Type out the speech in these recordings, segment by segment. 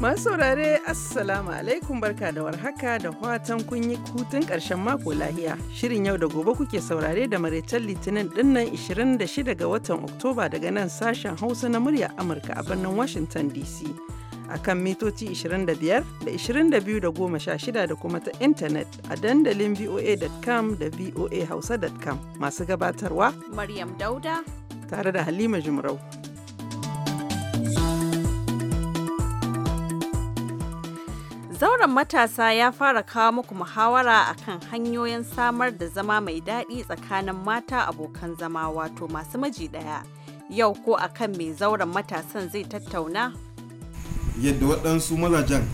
Masu saurare Assalamu alaikum barka da warhaka da fatan kun yi hutun ƙarshen mako lahiya. Shirin yau da gobe kuke saurare da maraicen litinin dinnan 26 ga watan Oktoba daga nan sashen Hausa na murya Amurka a birnin Washington DC. A kan mitoci 25 da 22 da shida da kuma ta intanet a dandalin voa.com da voahausa.com masu gabatarwa. Maryam Dauda. Tare da Halima Jumrau. Zauren matasa ya fara kawo muku muhawara akan hanyoyin samar da zama mai daɗi tsakanin mata abokan zama wato masu maji ɗaya. Yau ko akan mai zauren matasan zai tattauna? Yadda waɗansu mazajen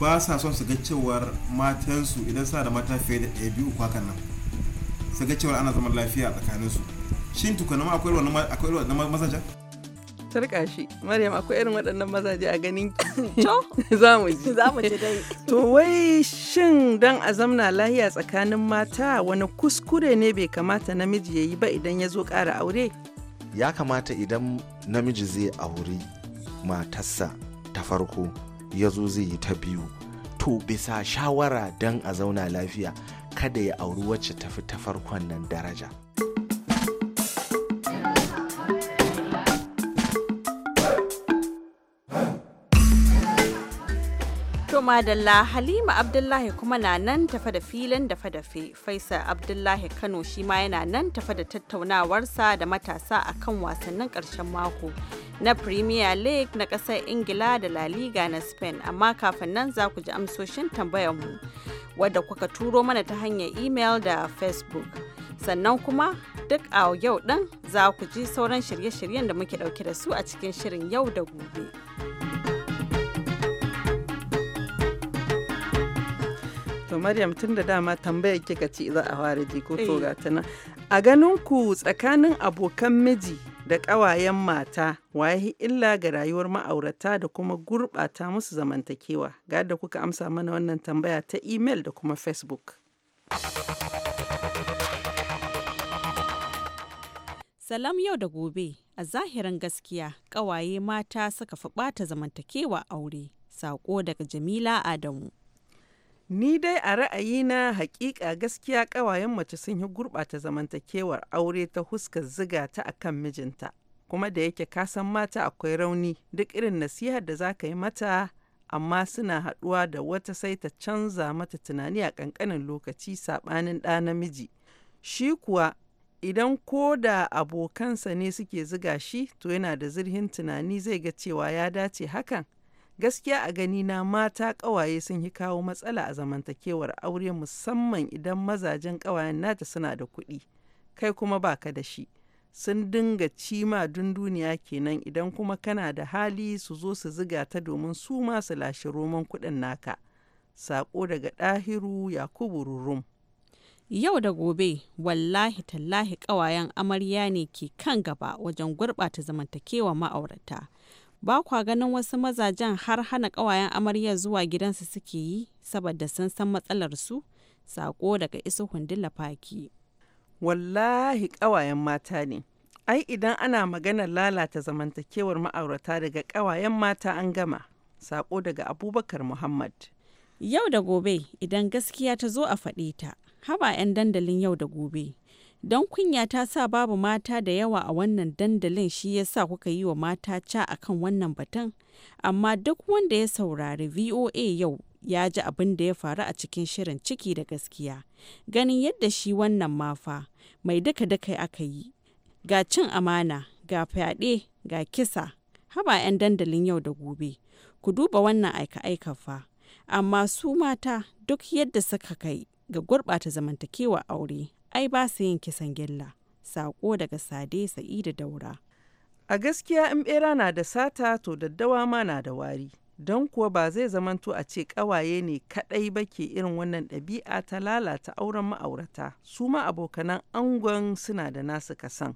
ba sa son su ga cewar matansu idan sa da mata fiye da ɗaya biyu kwakan nan. Su ga cewar ana zaman lafiya tsakaninsu. Shin tukuna akwai wani mazajen? ta rika shi maryam akwai irin waɗannan mazaje a ganin to za mu ji za mu ji dai to wai shin dan a zamna lahiya tsakanin mata wani kuskure ne bai kamata namiji ya yi ba idan ya zo ƙara aure ya kamata idan namiji zai auri matarsa ta farko ya zo zai yi ta biyu to bisa shawara dan a zauna lafiya kada ya auri wacce tafi ta farkon nan daraja. madalla Halima Abdullahi kuma na nan tafa da filin da fadafe. Faisal Abdullahi Kano shi ma yana nan tafa da tattaunawarsa da matasa a kan wasannin karshen mako na Premier League na ƙasar Ingila da La Liga na Spain. Amma kafin nan za ku ji amsoshin tambayarmu wadda kuka turo mana ta hanyar email da Facebook. Sannan kuma duk a yau ɗin za ku ji sauran shirye-shiryen da muke ɗauke da su a cikin shirin yau da gobe. to Maryam tun da dama tambayar kika ce za a fara ko to eh. nan. A ganin ku tsakanin abokan miji da ƙawayen mata waye illa ga rayuwar ma'aurata da kuma gurɓata musu zamantakewa. Ga da kuka amsa mana wannan tambaya ta email da kuma Facebook. Salam yau da gobe, a zahirin gaskiya ƙawaye mata suka fi ɓata zamantakewa aure, saƙo daga Jamila Adamu. Ni dai a ra'ayina hakika gaskiya ƙawayen mace sun yi gurɓata zamantakewar aure ta huskar ziga ta akan mijinta. Kuma da yake kasan mata akwai rauni duk irin nasihar da za ka yi mata amma suna haɗuwa da wata sai ta canza mata tunani a ƙanƙanin lokaci saɓanin ɗa namiji. Shi kuwa idan ko da abokansa ne suke ziga shi to yana da zirhin tunani zai ga cewa ya dace hakan Gaskiya a gani na mata kawaye sun yi kawo matsala a zamantakewar aure musamman idan mazajen ƙawayen nata suna da kuɗi, kai kuma baka da shi. Sun dinga cima dunduniya kenan idan kuma kana da hali su zo su ziga ta domin su ma su lashe roman kuɗin naka. Sako daga Ɗahiru Yakubu Rurum. Yau da gobe, wallahi tallahi ƙawayen amarya ne ke kan gaba wajen gurɓata zamantakewa ma'aurata. ba kwa ganin wasu mazajen har hana ƙawayen amaryar zuwa gidansu suke yi saboda sun san matsalar su sako daga isu hundula faki wallahi ƙawayen mata ne ai idan ana maganar lalata zamantakewar ma'aurata daga ƙawayen mata an gama sako daga abubakar muhammad yau da gobe idan gaskiya ta zo a faɗi ta haba 'yan dandalin yau da gobe don kunya ta sa babu mata da yawa a wannan dandalin shi ya sa kuka yi wa mata ca akan wannan batun amma duk wanda ya saurari voa yau ya ji abin da ya faru a cikin shirin ciki da gaskiya ganin yadda shi wannan mafa mai duka duka aka yi ga cin amana ga fyaɗe ga kisa haba 'yan dandalin yau da gobe ku duba wannan aika-aika fa amma su mata duk yadda suka kai ga gurɓata zamantakewa aure ai ba su yin kisan gilla. Sako daga Sade Sa'idu Daura. A gaskiya in bera na da sata to daddawa ma na da wari. Don kuwa ba zai zamanto a ce ƙawaye ne kadai ba ke irin wannan ɗabi'a ta lalata auren ma'aurata, su ma abokanan angon suna da nasu kasan.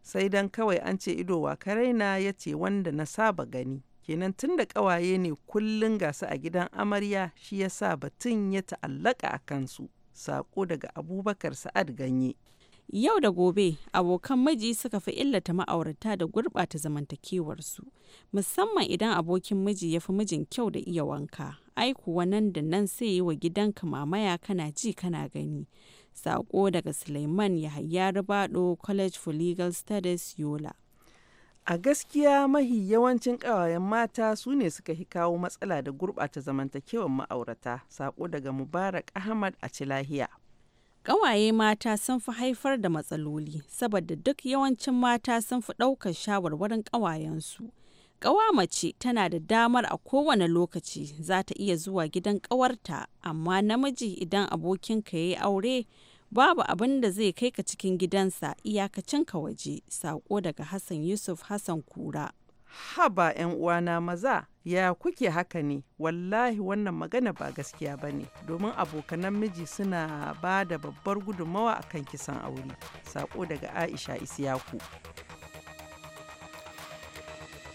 Sai don kawai an ce ido wa na ya ce wanda na saba gani. kenan tun da ƙawaye ne kullum gasu a gidan amarya shi ya sa batun ya ta'allaka a kansu. Sako daga Abubakar Sa'ad Ganye. Yau da gobe abokan miji suka fi illata ma'aurata da gurɓata zamantakewarsu, musamman idan abokin miji ya fi mijin kyau da iya wanka. Ai wannan da nan sai yi wa gidanka mamaya kana ji kana gani. Sako daga Suleiman Yahaya rubado College for Legal Studies Yola. A gaskiya mahi yawancin ƙawayen mata su ne suka hi kawo matsala da gurɓata zamantakewar ma'aurata, saƙo daga Mubarak Ahmad a Cilahiya. Ƙawaye mata sun fi haifar da matsaloli, saboda duk yawancin mata sun fi ɗaukar shawarwarin ƙawayensu. Ƙawa mace tana da damar a kowane lokaci za ta iya zuwa gidan ƙawarta, amma namiji idan abokinka ya yi aure babu abin da zai kai ka cikin gidansa iyakacin ka waje sako daga hassan yusuf hassan kura haba yan uwana maza ya kuke haka ne wallahi wannan magana ba gaskiya ba ne domin abokanan miji suna ba da babbar gudunmawa akan kisan aure sako daga aisha isyaku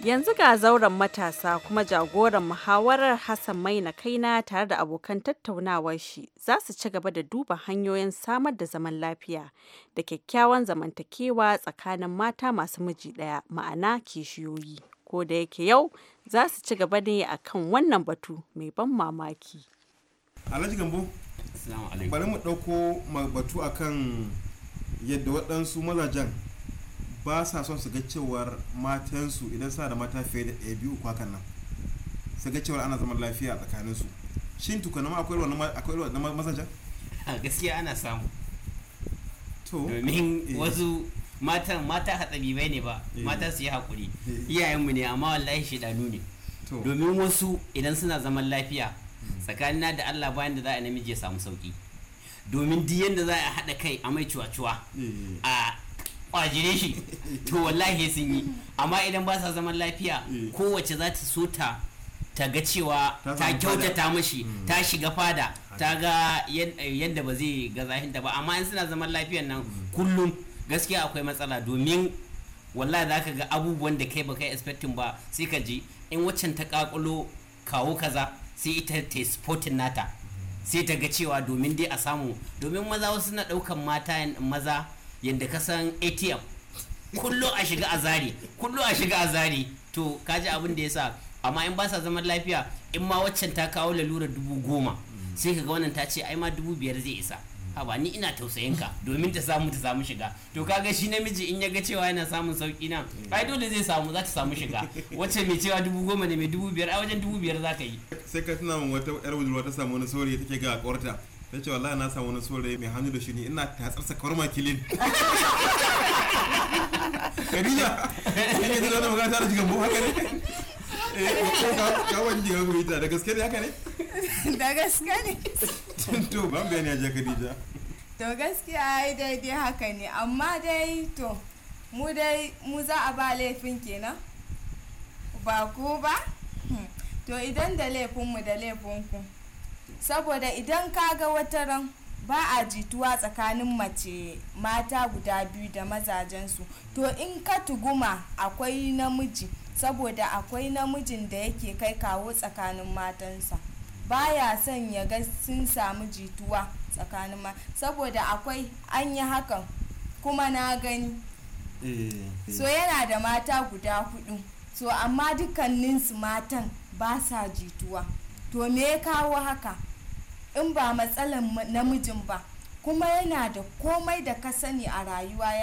Yanzu ga zauren matasa kuma jagoran muhawarar Hassan mai Maina Kaina tare da abokan tattaunawar shi za su ci gaba da duba hanyoyin samar da zaman lafiya da kyakkyawan zamantakewa tsakanin mata masu miji ɗaya ma'ana kishiyoyi. Ko da yake yau za su ci gaba ne a kan wannan batu mai ban mamaki. Alhaji Gambo, bari mu ɗauko batu akan yadda waɗansu mazajen ba sa son su ga cewar matansu idan suna da mata fiye da ɗaya biyu kwakan nan su ga cewar ana zaman lafiya a tsakaninsu shin tukunama akwai na mazajen a gaskiya ana samu domin eh. wasu matan mata hatsari bai ne ba eh. mata su yi haƙuri eh. iyayenmu ne amma wallahi shidanu ne domin wasu idan suna zaman lafiya hmm. tsakanin da Allah bayan da za a namiji ya samu sauki domin duk yadda za a haɗa kai a mai cuwa-cuwa a kwajire shi to wallahi sun yi amma idan ba sa zaman lafiya eh. kowace za ta so ta ta ga cewa ta kyautata mashi hmm. ta shiga fada ta ga yadda ba zai ga zahinta ba amma in suna zaman lafiyan nan hmm. kullum gaskiya akwai matsala domin wallahi za ka ga abubuwan da kai ba kai expecting ba sai ka ji in waccan ta kakulo kawo kaza sai ita ta sporting nata hmm. sai ta ga cewa domin dai a samu domin maza wasu na daukan mata maza yadda ka san atm kullo a shiga a zari kullo a shiga a zari to kaji abin da ya sa amma in ba sa zaman lafiya in ma waccan ta kawo lalura dubu goma sai ka ga wannan ta ce ai ma dubu biyar zai isa haba ni ina tausayin ka domin ta samu ta samu shiga to kaga shi namiji in ya ga cewa yana samun sauki na ai dole zai samu za ta samu shiga wacce mai cewa dubu goma ne mai dubu biyar a wajen dubu biyar za ka yi sai ka tuna wata yar budurwa ta samu wani saurayi take ga kwarta ta ce wallahi na samu wani saurayi mai hannu da shuni ina tatsarsa kawar makilin kadija in zai tunanin magana tare jigan buwa haka ne eh, kawon jigan gobe ta da gaske ne haka ne da gaske ne to ban bayani ya je kadija to gaskiya ai daidai haka ne amma dai to mu dai mu za a ba laifin kenan ba ku ba hmm. to idan da laifinmu da laifinku saboda idan kaga wata ran ba a jituwa tsakanin mace mata guda biyu da mazajensu to in ka tuguma akwai namiji saboda akwai namijin da yake kai kawo tsakanin matansa baya son ya ga sun samu jituwa tsakanin ma saboda akwai an yi hakan kuma na gani eh, so eh. yana da mata guda hudu so amma dukkaninsu matan ba sa jituwa to me ya kawo haka in ba matsalan namijin ba kuma yana da komai da ka sani a rayuwa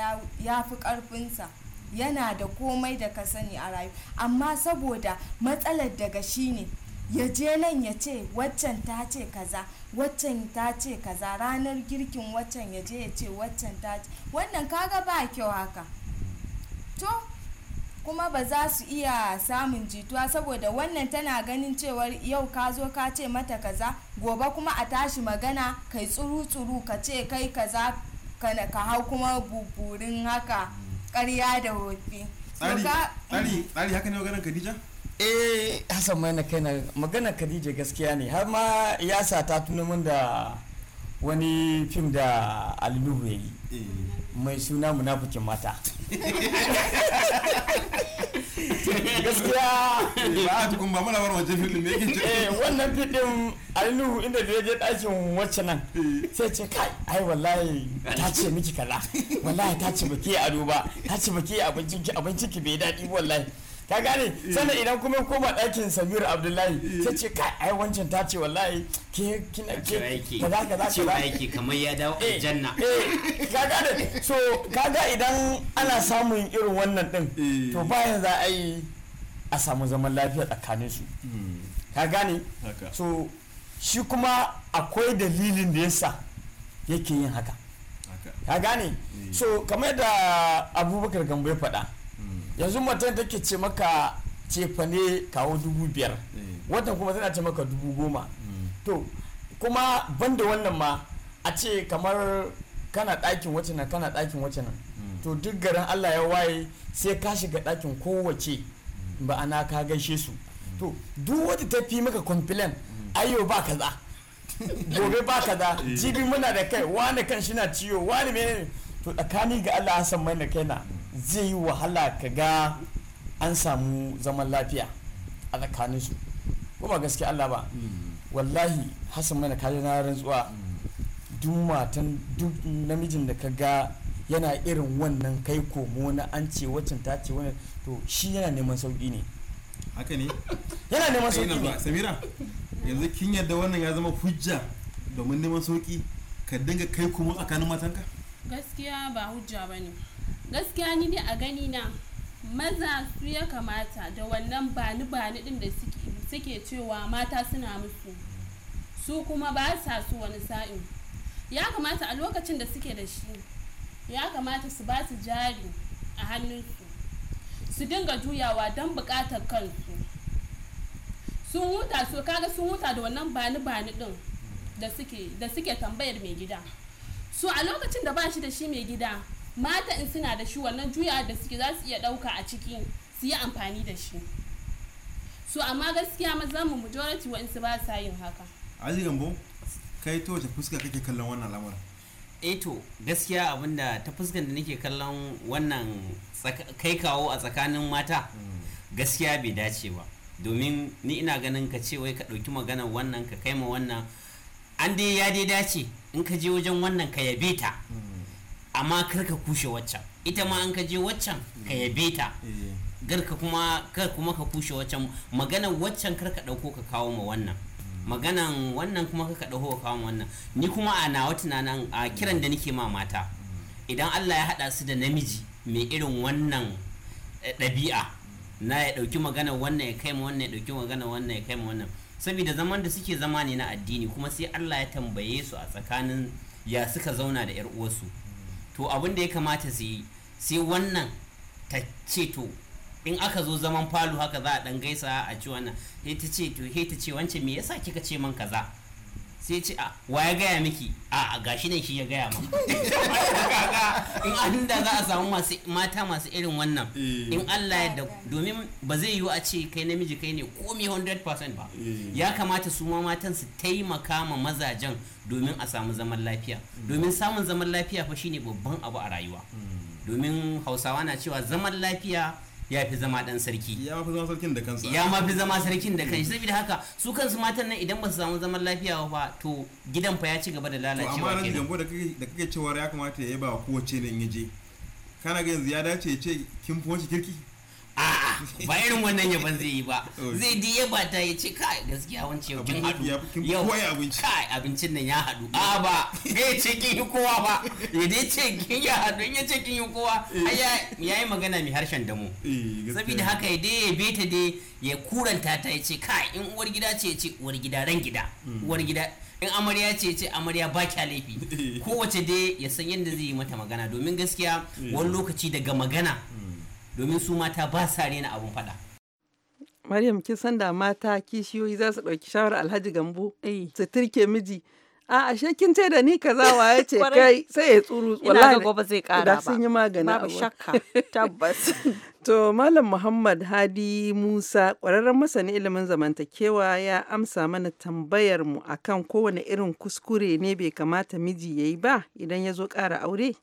ya fi karfinsa yana da komai da ka sani a rayuwa amma saboda matsalar daga shi ne ya je nan ya ce waccan ta ce kaza waccan ta ce kaza ranar girkin waccan ya je ya ce waccan ta ce wannan kaga ba kyau haka to kuma ba za su iya samun jituwa saboda wannan tana ganin cewar yau ka zo ka ce mata kaza gobe kuma a tashi magana kai tsuru-tsuru ka ce kai kaza ka hau kuma buburin haka karya da hofi tsari haka ne maganar khadija eh hassan mai na kai na maganar khadija gaskiya ne har ma ya sa ta tuno min da wani fim da alinuhu ya yi eh. mai suna munafukin mata gaskiya ba a tukun ba muna warwace filin ne yake eh wannan filin alinuhu inda da ya je ɗakin wacce nan eh. sai ce kai ai wallahi ta ce miki kaza wallahi ta ce baki a ba ta ce baki abincin ki abincin ki bai daɗi wallahi ka gane eh. sannan idan kuma koma ɗakin samir abdullahi ta eh. ce ka ai wancan ta ce wallahi ke kina ke ka za ka za ka aiki kamar ya dawo eh. a janna ka gane so kaga idan ana samun irin wannan din to bayan za a yi a samu zaman lafiya tsakanin su hmm. ka gane so shi kuma akwai dalilin da yasa yake yin haka ka gane so kamar da abubakar gambo ya faɗa yanzu matan take ce maka cefa ne kawo dubu biyar eh. watan kuma tana ce maka dubu goma hmm. to kuma banda wannan ma a ce kamar kana ɗakin wace nan kana ɗakin wace nan hmm. to duk garin allah ya waye sai ka shiga ɗakin kowace hmm. ana ka gaishe su to duk wata ta fi maka complain ayyo ba ka za gobe ba ka za eh. jibi muna da kai wani kan shi na ciwo wani mene to tsakani ga allah san mai na kaina zai yi wahala ka ga an samu zaman lafiya a tsakanin su ba gaske Allah ba wallahi Hassan na kaji na rantsuwa duk matan duk namijin da ka ga yana irin wannan kai komo na an ce wacin ta ce wani to shi yana neman sauki ne haka ne yana neman sauki ne samira yanzu kin yadda wannan ya zama hujja domin neman sauki ka dinga kai komo tsakanin matanka gaskiya ba hujja bane. gaskiya ni dai a gani na maza su ya kamata da wannan bani bani din da suke cewa mata suna musu su kuma ba sa su wani sa'in ya kamata a lokacin da suke da shi ya kamata su ba su jari a hannunsu su dinga juyawa don bukatar kansu sun huta so kaga sun huta da wannan bani bani din da suke tambayar mai gida su a lokacin da ba shi da shi mai gida mata in suna da shi wannan juya da suke za su iya dauka a ciki su yi amfani da shi so amma gaskiya maza mu majority wa su ba sa yin haka ali gambo kai to wace fuska kake kallon wannan lamarin eh gaskiya abinda ta fuskan da nake kallon wannan kai kawo a tsakanin mata mm. gaskiya bai dace ba domin ni ina ganin ka ce wai ka ɗauki magana wannan ka kai ma wannan an dai ya dai dace in ka je wajen wannan ka yabe ta mm. amma kar ka kushe waccan ita ma an ka je waccan ka yabe ta eh. ka kuma kar kuma ka kushe waccan maganan waccan kar ka dauko ka kawo ma wannan maganan wannan kuma kar ka dauko ka kawo ma wannan ni kuma a nawa tunanin a kiran da nake ma mata idan Allah ya hada su da namiji mai irin wannan eh, ɗabi'a na ya dauki magana wannan ya kai ma wannan ya dauki magana wannan ya kai ma wannan saboda zaman da suke zama ne na addini kuma sai Allah ya tambaye su a tsakanin ya suka zauna da 'yar uwarsu to abin da ya kamata su yi sai wannan ta ce to in aka zo zaman falo haka za a dan gaisa a ci wannan sai ta ce to sai ta ce wancan me yasa kika ce man kaza sai ce a wa ya gaya miki a gashi nan shi ya gaya ma in an da za a samu mata masu irin wannan eh. in Allah ya domin ba zai yiwu a ce kai namiji kai ne komi 100% ba eh. ya kamata su ma matan su taimaka ma mazajen domin a samu zaman lafiya hmm. domin samun zaman lafiya fa shine babban abu a rayuwa hmm. domin hausawa na cewa zaman lafiya ya fi zama dan sarki ya fi zama sarkin da kansa ya ma fi zama sarkin da kansa saboda haka su kansu matan nan idan ba su samu zaman lafiya ba to gidan fa ya ci gaba da lalacewa kenan amma nan jambo da kake cewa ya kamata ya yaba kowace ne in je kana ga yanzu ya dace ya ce kin fi wace kirki a'a ba irin wannan yaban zai yi ba zai di yaba ta ya ce kai gaskiya wance yau kin haɗu yau kai abincin nan ya haɗu a ba ya ce kin yi kowa ba ya dai ce kin ya haɗu ya ce kin yi kowa ya yi magana mai harshen damu eh, saboda haka ya dai ya beta dai ya kuranta ta ya ce kai in uwar gida ce ya ce uwar gida ran gida hmm. uwar gida in amarya ce ce amarya ba kya laifi eh. kowace dai ya san yadda zai yi mata magana domin gaskiya eh. wani lokaci daga magana hmm. domin su mata ba sa rena abun faɗa. Maryam kin san da mata kishiyoyi za su ɗauki shawarar Alhaji Gambo eh. su turke miji. A ashe kin ce da ni kaza ya ce kai sai ya tsuru wallahi gobe zai kara ba. sun yi magana babu shakka tabbas. To Malam Muhammad Hadi Musa ƙwararren masani ilimin zamantakewa ya amsa mana tambayar mu akan kowane irin kuskure ne bai kamata miji yayi ba idan ya zo ƙara aure.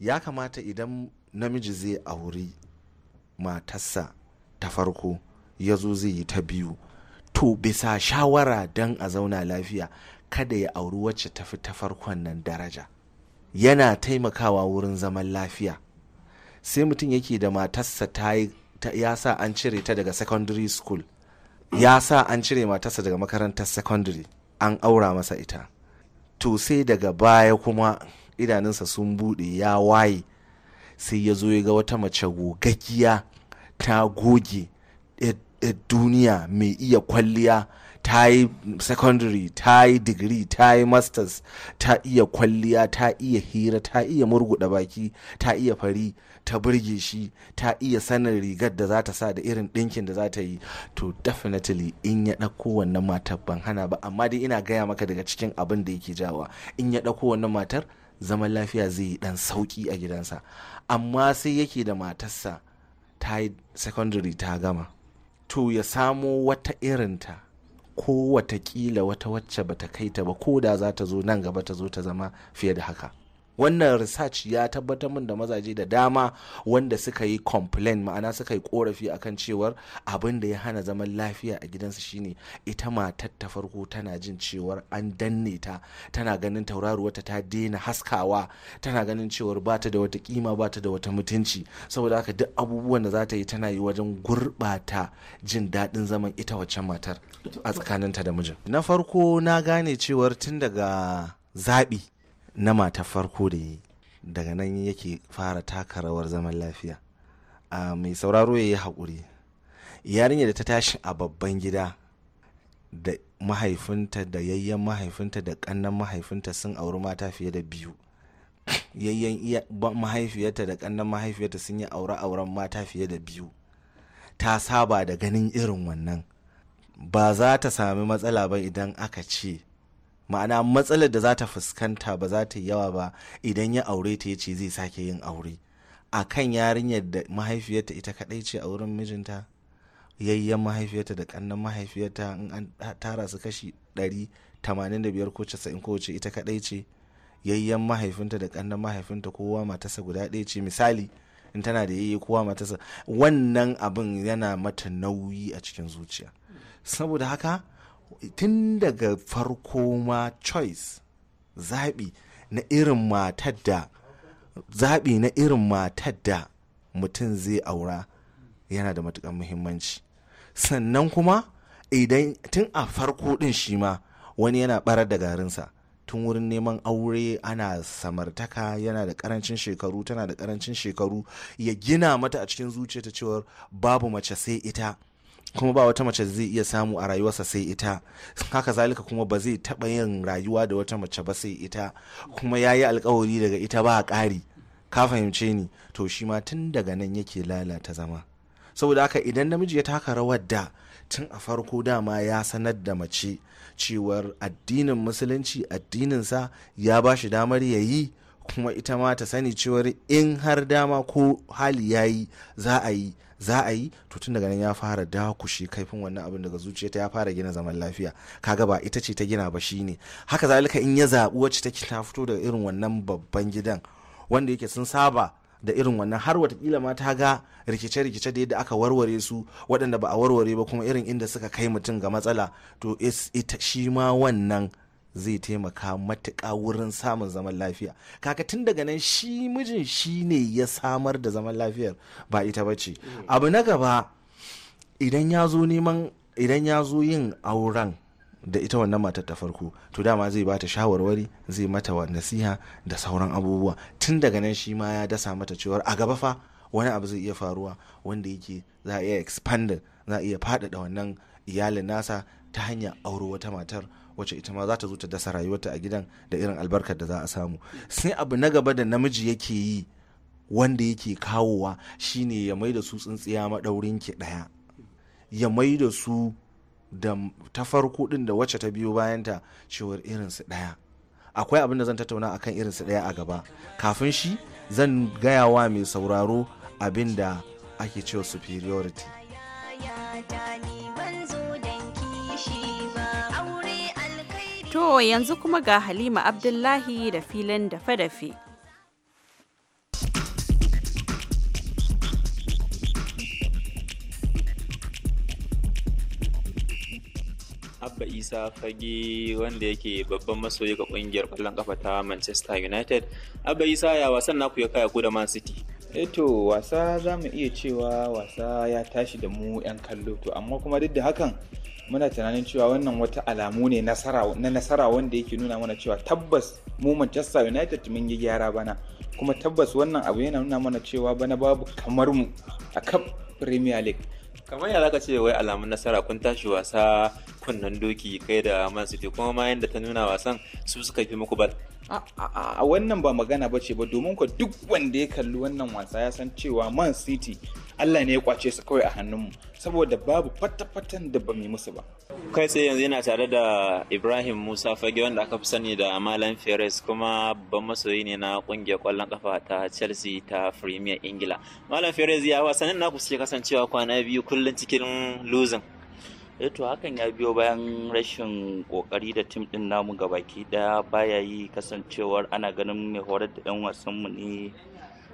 Ya kamata idan namiji zai auri matarsa ta farko ya zo zai yi ta biyu to bisa shawara don a zauna lafiya kada ya auri wacce tafi ta farkon nan daraja yana taimakawa wurin zaman lafiya sai mutum yake da matarsa ta ya sa an cire ta daga secondary school ya sa an cire matarsa daga makarantar secondary an aura masa ita to sai daga baya kuma idanunsa sun buɗe ya waye sai ya zo ya ga wata mace gogaggiya ta goge duniya mai iya kwalliya ta yi secondary ta yi digiri ta yi masters ta iya kwalliya ta iya hira ta iya murguda baki ta iya fari ta burge shi ta iya sanin rigar da za ta sa da irin ɗinkin da za ta yi to definitely in ya ɗauko wannan matar ban hana ba amma dai ina gaya maka daga cikin abin da yake jawa in ya ɗauko wannan matar zaman lafiya zai yi dan sauki a gidansa amma sai yake da matarsa ta yi secondary ta gama to ya samo wata irinta ko watakila wata wacce bata kai ta ba ko da za ta zo nan gaba ta zo ta zama fiye da haka wannan research ya tabbatar min da mazaje da dama wanda suka yi complain ma'ana suka yi korafi akan cewar abin da ya hana zaman lafiya a gidansu shine ita matar ta farko tana jin cewar an danne ta tana ganin tauraruwarta ta daina haskawa tana ganin cewar bata da wata kima bata da wata mutunci saboda haka duk abubuwan da za ta yi tana yi wajen gurɓata jin daɗin zaman ita waccan matar a tsakaninta da mijin na farko na gane cewar tun daga zaɓi na mata farko da yi daga nan yake fara taka rawar zaman lafiya a mai sauraro ya yi haƙuri Yarinyar da ta tashi a babban gida da mahaifinta da yayyen mahaifinta da ƙannan mahaifinta sun auri mata fiye da biyu yayyen mahaifiyarta da ƙannan mahaifiyarta sun yi aure auren mata fiye da biyu ta saba da ganin irin wannan ba za ta sami matsala ba idan aka ce ma'ana matsalar da za ta fuskanta ba za ta yi yawa ba idan ya aure ta ya ce zai sake yin aure a kan yarinyar da mahaifiyarta ita kaɗai ce a wurin mijinta yayyan mahaifiyarta da ƙannan mahaifiyarta in an tara su kashi ɗari tamanin da biyar ko casa'in ko ce ita kaɗai ce yayyan mahaifinta da ƙannan mahaifinta kowa matasa guda ɗaya ce misali in tana da yayye kowa matasa wannan abin yana mata nauyi a cikin zuciya saboda haka tun daga farko ma choice zaɓi na irin matar da zaɓi na irin matar da mutum zai aura yana da matuƙar muhimmanci sannan kuma idan tun a farko ɗin shi ma wani yana ɓarar da garinsa tun wurin neman aure ana samartaka yana da karancin shekaru tana da karancin shekaru ya gina mata a cikin zuciyarta cewar babu mace sai ita kuma ba wata mace zai iya samu a rayuwarsa sai ita haka zalika kuma ba zai taɓa yin rayuwa da wata mace ba sai ita kuma ya yi alkawari daga ita ba a ƙari ka fahimce ni to shi ma tun daga nan yake lalata zama saboda haka idan namiji ya taka rawar da tun a farko dama ya sanar da mace cewar addinin musulunci addininsa ya ba shi damar ya yi kuma ita ma ta sani cewar in har dama ko hali ya yi za a yi za a yi to tun daga nan ya fara dakushe kaifin wannan abin daga zuciyarta ya fara gina zaman lafiya kaga ba ita ce ta gina ba shi ne haka zalika in ya zaɓi wacce take ta fito daga irin wannan babban gidan wanda yake sun saba da irin wannan har watakila ma ta ga rikice-rikice da yadda aka warware su waɗanda ba a warware ba kuma irin inda suka kai mutum ga matsala to shi ma wannan zai taimaka matuƙa wurin samun zaman lafiya kaka tun daga nan shi mijin shi ne ya samar da zaman lafiyar ba ita ba ce mm. abu na gaba idan ya zo yin auren da ita wannan matar ta farko to dama zai bata shawarwari zai mata wa nasiha da sauran abubuwa tun daga nan shi ma ya dasa mata cewar a gaba fa wani abu zai iya faruwa wanda yake za a iya expanded za a iya faɗaɗa wannan iyalin nasa ta hanyar auro wata matar wacce ita ma za ta zo ta dasa rayuwarta a gidan da irin albarkar da za a samu sai abu na gaba da namiji yake yi wanda yake kawowa shine ya mai da su tsintsiya maɗaurin ki ɗaya ya mai da su da ta farko ɗin da wacce ta biyo bayanta cewar irinsu ɗaya akwai abin da zan tattauna akan su ɗaya a gaba kafin shi zan gaya wa mai sauraro abin da ake cewa superiority To yanzu kuma ga Halima Abdullahi da filin dafe-dafe. Abba Isa Fage wanda yake babban masoyi ga kungiyar ƙwallon kafa ta Manchester United. Abba Isa ya wasan naku ya kaya ku da Man City. Eto eh wasa za mu iya cewa wasa ya tashi da mu 'yan kallo to amma kuma duk da hakan muna tunanin cewa wannan wata alamu ne na nasara wanda yake nuna mana cewa tabbas mu Manchester United mun yi gyara bana kuma tabbas wannan abu yana nuna mana cewa bana babu kamar mu a cup Premier League kamar ya zaka ce wai alamun nasara kun tashi wasa kunnen doki kai da Man City kuma ma yanda ta nuna wasan su suka fi muku bal a wannan ba magana ba ce ba domin ku duk wanda ya kalli wannan wasa ya san cewa Man City Allah ne ya kwace su kawai a hannunmu saboda babu fata-fatan da ba mu musu ba kai sai yanzu yana tare da Ibrahim Musa Fage wanda aka fi sani da Malam Perez kuma babban masoyi ne na kungiyar kwallon kafa ta Chelsea ta Premier Ingila Malam Perez ya wasannin naku suke kasancewa kwana biyu kullum cikin losing eh to hakan ya biyo bayan rashin kokari da tim din namu gabaki daya baya yi kasancewar ana ganin mai horar da ɗan wasanmu ne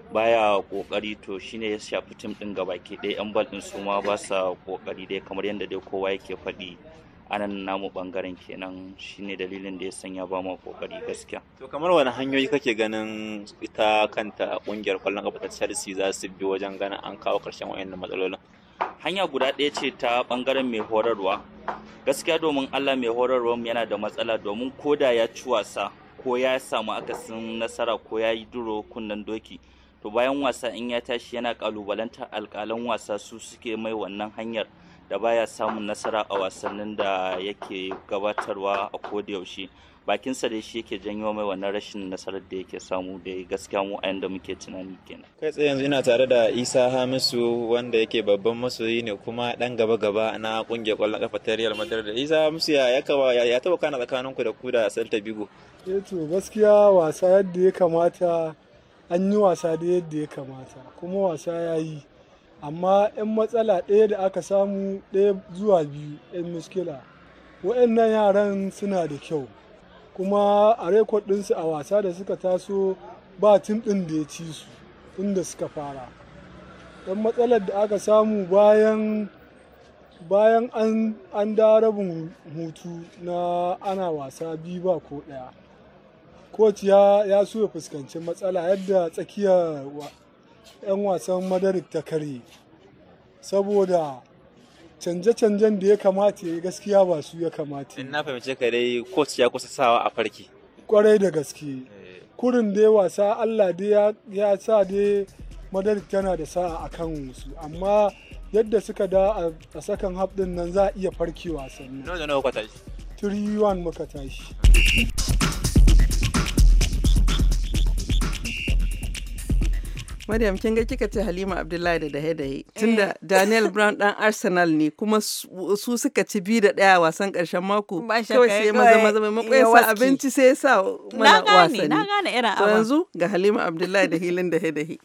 baya kokari to shine ya shafi tim din gabaki ɗaya yan bal din suma ma ba sa kokari dai kamar yadda dai kowa yake faɗi anan namu bangaren kenan shine dalilin da ya sanya ba mu kokari gaskiya to kamar wani hanyoyi kake ganin ita kanta kungiyar kwallon kafa ta Chelsea za su bi wajen ganin an kawo karshen wayannan matsalolin hanya guda ɗaya ce ta bangaren mai horarwa gaskiya domin Allah mai horarwa yana da matsala domin koda ya ci wasa ko ya samu akasin nasara ko ya yi duro kunnen doki to bayan wasa in ya tashi yana kalubalantar alkalan wasa su suke mai wannan hanyar da baya samun nasara a wasannin da yake gabatarwa a kodayaushe bakinsa da shi yake janyo mai wannan rashin nasarar da yake samu da gaskiya mu a yanda muke tunani kenan kai tsaye yanzu ina tare da isa hamisu wanda yake babban masoyi ne kuma dan gaba gaba na kungiyar kwallon kafa ta real madrid da isa hamisu ya ya kawa ya taba kana tsakanin ku da ku da celta bigo eh to gaskiya wasa yadda ya kamata an yi wasa da yadda ya kamata kuma wasa ya yi amma 'yan matsala ɗaya da aka samu ɗaya zuwa biyu 'yan muskila waɗannan yaran suna da kyau kuma a rekod ɗinsu a wasa da suka taso ba tim ɗin da ya ci su inda suka fara yan matsalar da aka samu bayan bayan an, an da rabin hutu na ana wasa biyu ba ko ɗaya coach ya ya so ya fuskanci matsala yadda tsakiyar 'yan wasan madarik ta karye saboda canje-canjen da ya kamata ya gaskiya ba su ya kamata na fahimci ka dai coach ya kusa sawa a farki kwarai da gaske eh. kurin dai wasa allah da ya sa dai madarik tana da sa'a a kan su amma yadda suka da a sakan hab nan za a iya farki wasanni. Nawa 3-1 muka tashi. Maryam kin ga kika ce Halima Abdullahi da dahe dahe eh. tunda Daniel Brown dan Arsenal ne kuma su suka ci bi da daya wasan karshen mako kawai sai maza maza mai makwai sa abinci sai sa mana wasanni na gane irin abu yanzu ga Halima Abdullahi da hilin dahe dahe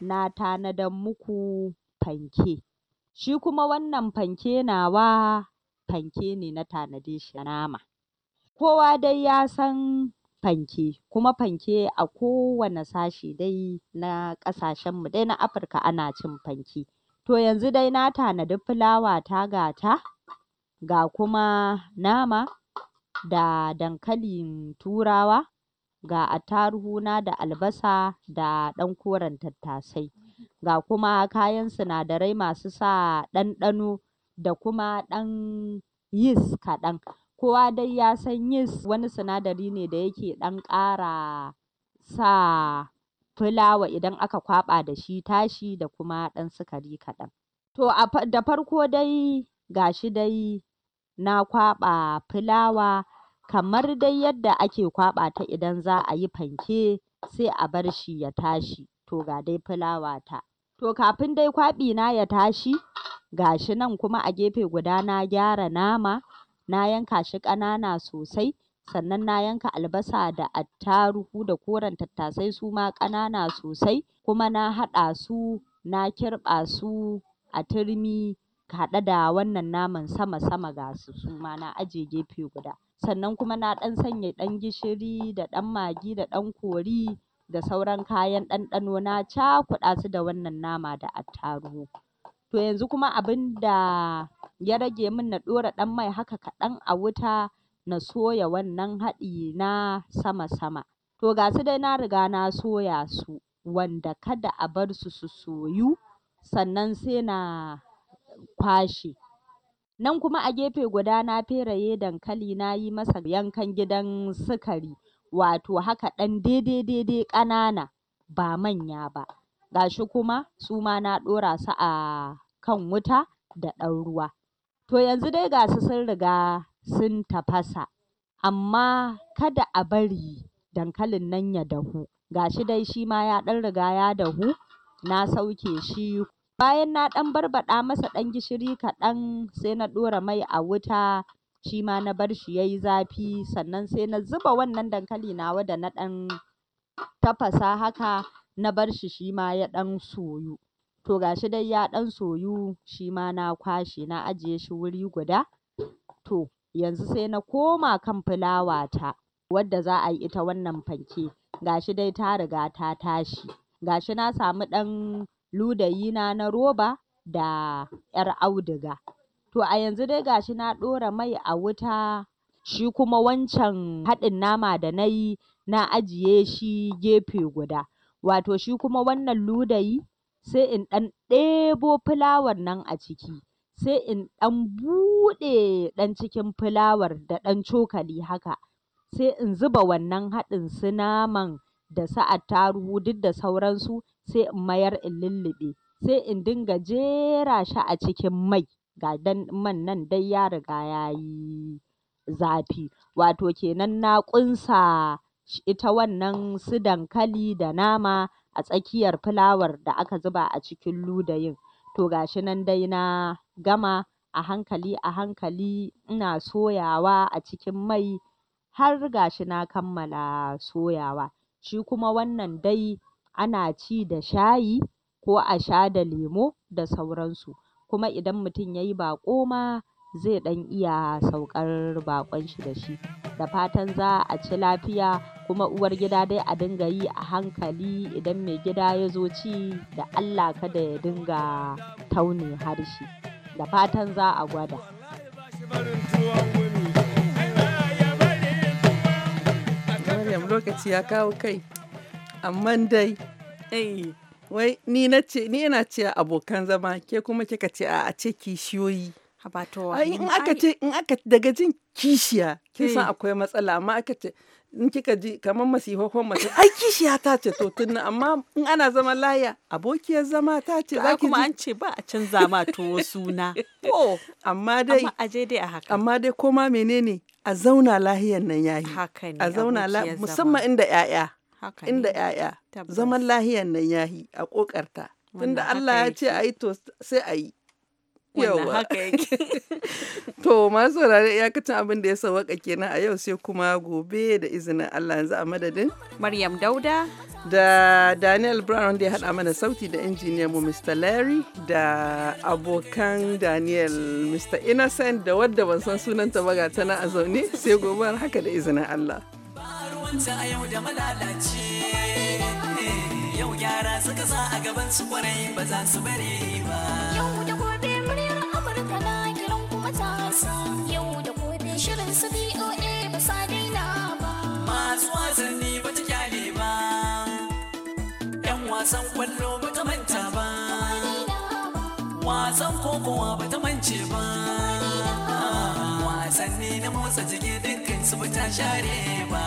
na tanadan muku fanke shi kuma wannan fanke nawa fanke ne na tanade shi nama kowa dai ya san fanke kuma fanke a kowane sashi dai na mu dai na Afirka ana cin fanke. To yanzu dai na tanadi fulawa ta gata ga kuma nama da dankalin Turawa ga na da albasa da ɗan koren tattasai ga kuma kayan sinadarai masu sa ɗanɗano da kuma ɗan yis kaɗan Kowa dai ya san yis wani sinadari ne da yake ɗan ƙara sa fulawa idan aka kwaɓa da shi tashi da kuma ɗan sukari kaɗan. To da farko dai ga dai na kwaɓa fulawa kamar dai yadda ake kwaɓa ta idan za a yi fanke sai a bar shi ya tashi, to ga dai fulawa ta To kafin dai na ya tashi ga shi nan kuma a gefe guda na gyara nama na yanka shi ƙanana sosai sannan na yanka albasa da attarugu da koren tattasai suma ƙanana sosai kuma na haɗa su na kirɓa su a turmi haɗe da wannan naman sama sama ga su suma na ajiye gefe guda sannan kuma na ɗan sanya ɗan gishiri da ɗan magi da ɗan kori da sauran kayan ɗanɗano na cakuɗa su da wannan nama da attarugu. to yanzu kuma abinda ya rage min na ɗora ɗan mai haka kaɗan a wuta na soya wannan haɗi na sama sama to ga su dai na riga na soya su wanda kada a bar su su soyu sannan sai na kwashe nan kuma a gefe guda na feraye dankali na yi masa yankan gidan sukari wato haka ɗan daidai daidai ƙanana ba manya ba gashi kuma su ma na ɗora su a kan wuta da ɗan ruwa to yanzu dai ga su sun riga sun tafasa amma kada a bari dankalin nan ya dahu gashi dai shi ma ya ɗan riga ya dahu na sauke shi bayan na ɗan barbaɗa masa ɗan gishiri kaɗan sai na ɗora mai a wuta shi ma na bar shi ya yi zafi sannan sai na zuba wannan dankali nawa da na ɗan tafasa haka na bar shi shi ma ya ɗan soyu to ga shi dai ya ɗan soyu shi ma na kwashe na ajiye shi wuri guda to yanzu sai na koma kan fulawa ta wadda za a yi ita wannan fanke ga shi dai ta riga ta tashi ga shi na samu ɗan ludayi na na roba da yar auduga to a yanzu dai ga shi na ɗora mai a wuta shi kuma wancan haɗin nama da na yi na ajiye shi gefe guda wato shi kuma wannan ludayi sai in ɗan ɗebo fulawar nan a ciki sai in ɗan buɗe ɗan cikin fulawar da ɗan cokali haka sai in zuba wannan haɗin su naman da su attaruhu duk da sauransu sai in mayar in lulluɓe sai in dinga jera shi a cikin mai ga dan man nan dai ya riga ya yi zafi wato kenan na ƙunsa ita wannan su dankali da nama a tsakiyar fulawar da aka zuba a cikin ludayin to ga shi nan dai na gama a hankali a hankali ina soyawa a cikin mai har ga shi na kammala soyawa shi kuma wannan dai ana ci da shayi ko a sha da lemo da sauransu kuma idan mutum ya yi baƙo ma zai ɗan iya saukar bakon shi da shi. Da fatan za a ci lafiya kuma uwar gida dai a dinga yi a hankali idan mai gida ya zo ci da Allah kada ya dinga taune harshe. Da fatan za a gwada. Maryam lokaci ya kawo kai, amma dai, eh, wai ni na ce, ni yana ce abokan zama, ke kuma kika ce a ce kishiyoyi. Habatuwa. In aka ce in aka daga jin kishiya kin san eh. akwai matsala amma aka ce in kika ji kamar masifafan mace ai kishiya ta ce to tunna amma in ana zama laya abokiyar zama ta ce za kuma an ce ba a canza ma to suna oh amma dai amma aje dai a haka amma dai koma menene a zauna lahiyar nan yayi haka ne a zauna musamman inda yaya inda yaya zaman lahiyar nan yahi a kokarta tunda Allah ya ce ayi to sai ayi wannan haka yake to masu abin da ya sauwaka kenan a yau sai kuma gobe da izinin Allah yanzu a madadin Maryam Dauda da Daniel Brown da ya haɗa mana sauti da injiniyan mu Mr. Larry da abokan Daniel Mr. Innocent da wadda ban san sunanta ta baga tana a zaune sai gobe haka da izinin Allah eh, yau gyara suka sa a gaban su kwarai ba za su bari ba matasa yau da gobe shirin su BOA ba sa daina ba. Masu wasanni ba ta kyale ba, ‘yan wasan kwallo ba ta manta ba, wasan kokowa ba ta mance ba. Wasanni na motsa jiki dukkan su ba ta share ba.